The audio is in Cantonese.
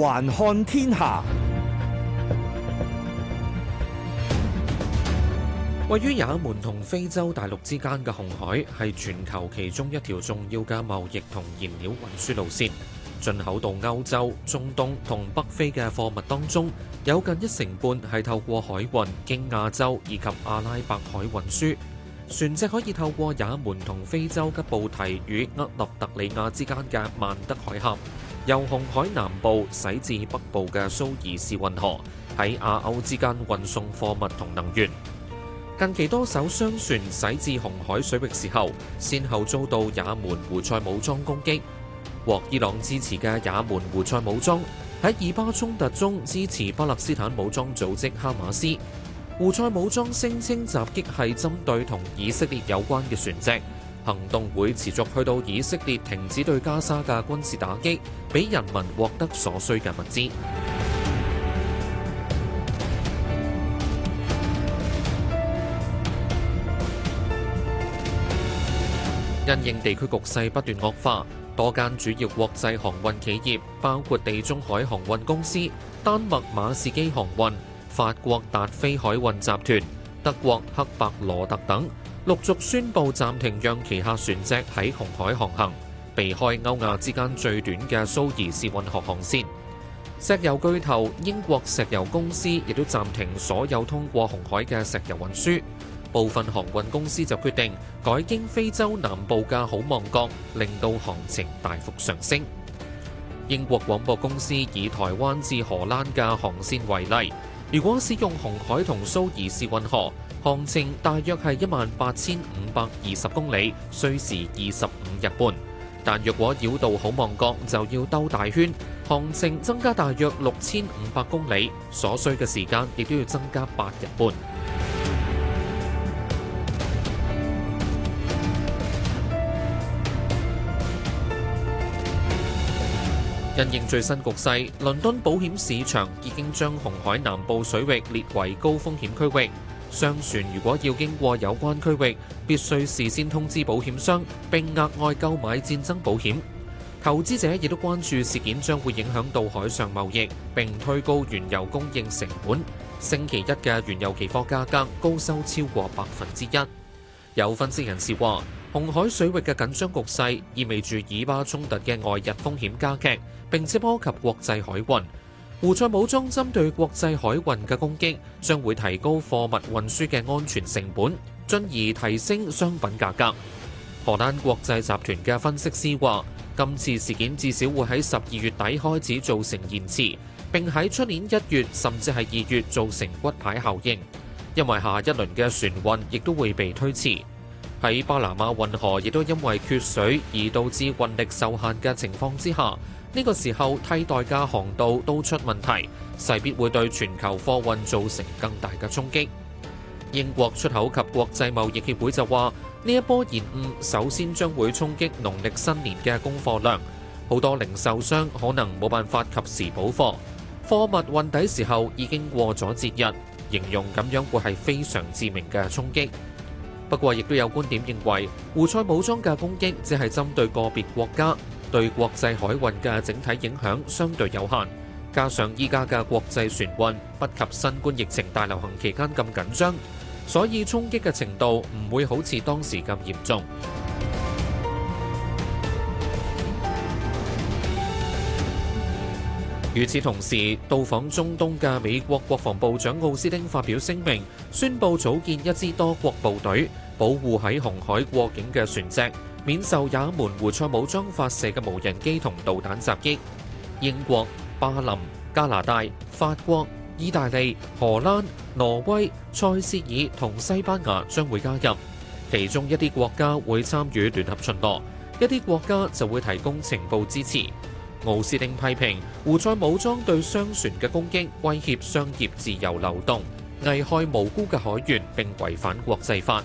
環看天下，位於也門同非洲大陸之間嘅紅海，係全球其中一條重要嘅貿易同燃料運輸路線。進口到歐洲、中東同北非嘅貨物當中，有近一成半係透過海運經亞洲以及阿拉伯海運輸。船隻可以透過也門同非洲吉布提與厄立特里亞之間嘅曼德海峽，由紅海南部駛至北部嘅蘇爾士運河，喺亞歐之間運送貨物同能源。近期多艘商船駛至紅海水域時候，先後遭到也門胡塞武裝攻擊。獲伊朗支持嘅也門胡塞武裝喺以巴衝突中支持巴勒斯坦武裝組織哈馬斯。胡塞武裝聲稱襲擊係針對同以色列有關嘅船隻。行動會持續去到以色列，停止對加沙嘅軍事打擊，俾人民獲得所需嘅物資。 因應地區局勢不斷惡化，多間主要國際航運企業，包括地中海航運公司、丹麥馬士基航運、法國達飛海運集團、德國赫伯羅特等。陸續宣布暫停讓旗下船隻喺紅海航行，避開歐亞之間最短嘅蘇伊士運河航線。石油巨頭英國石油公司亦都暫停所有通過紅海嘅石油運輸。部分航運公司就決定改經非洲南部嘅好望角，令到航程大幅上升。英國廣播公司以台灣至荷蘭嘅航線為例。如果使用紅海同蘇伊士運河，航程大約係一萬八千五百二十公里，需時二十五日半。但若果繞道好望角，就要兜大圈，航程增加大約六千五百公里，所需嘅時間亦都要增加八日半。因應最新局勢倫敦保險市場已經將紅海南部水域列為高風險區域商船如果要經過有關區域必須事先通知保險商並額外購買戰爭保險投資者亦都關注事件將會影響到海上貿易並推高原油供應成本星期一嘅原油期貨價格高收超過百分之一有分析人士話紅海水域嘅緊張局勢意味住以巴衝突嘅外溢風險加劇，並且波及國際海運。胡塞武裝針對國際海運嘅攻擊，將會提高貨物運輸嘅安全成本，進而提升商品價格。荷蘭國際集團嘅分析師話：今次事件至少會喺十二月底開始造成延遲，並喺出年一月甚至係二月造成骨牌效應，因為下一輪嘅船運亦都會被推遲。喺巴拿馬運河亦都因為缺水而導致運力受限嘅情況之下，呢個時候替代嘅航道都出問題，勢必會對全球貨運造成更大嘅衝擊。英國出口及國際貿易協會就話：呢一波延誤首先將會衝擊農曆新年嘅供貨量，好多零售商可能冇辦法及時補貨。貨物運抵時候已經過咗節日，形容咁樣會係非常致命嘅衝擊。不過，亦都有觀點認為，胡塞武裝嘅攻擊只係針對個別國家，對國際海運嘅整體影響相對有限。加上依家嘅國際船運不及新冠疫情大流行期間咁緊張，所以衝擊嘅程度唔會好似當時咁嚴重。與此同時，到訪中東嘅美國國防部長奧斯汀發表聲明，宣布組建一支多國部隊，保護喺紅海過境嘅船隻，免受也門胡塞武裝發射嘅無人機同導彈襲擊。英國、巴林、加拿大、法國、意大利、荷蘭、荷蘭、挪威、塞舌爾同西班牙將會加入，其中一啲國家會參與聯合巡邏，一啲國家就會提供情報支持。奧斯汀批評，胡塞武裝對商船嘅攻擊威脅商業自由流動，危害無辜嘅海員並違反國際法。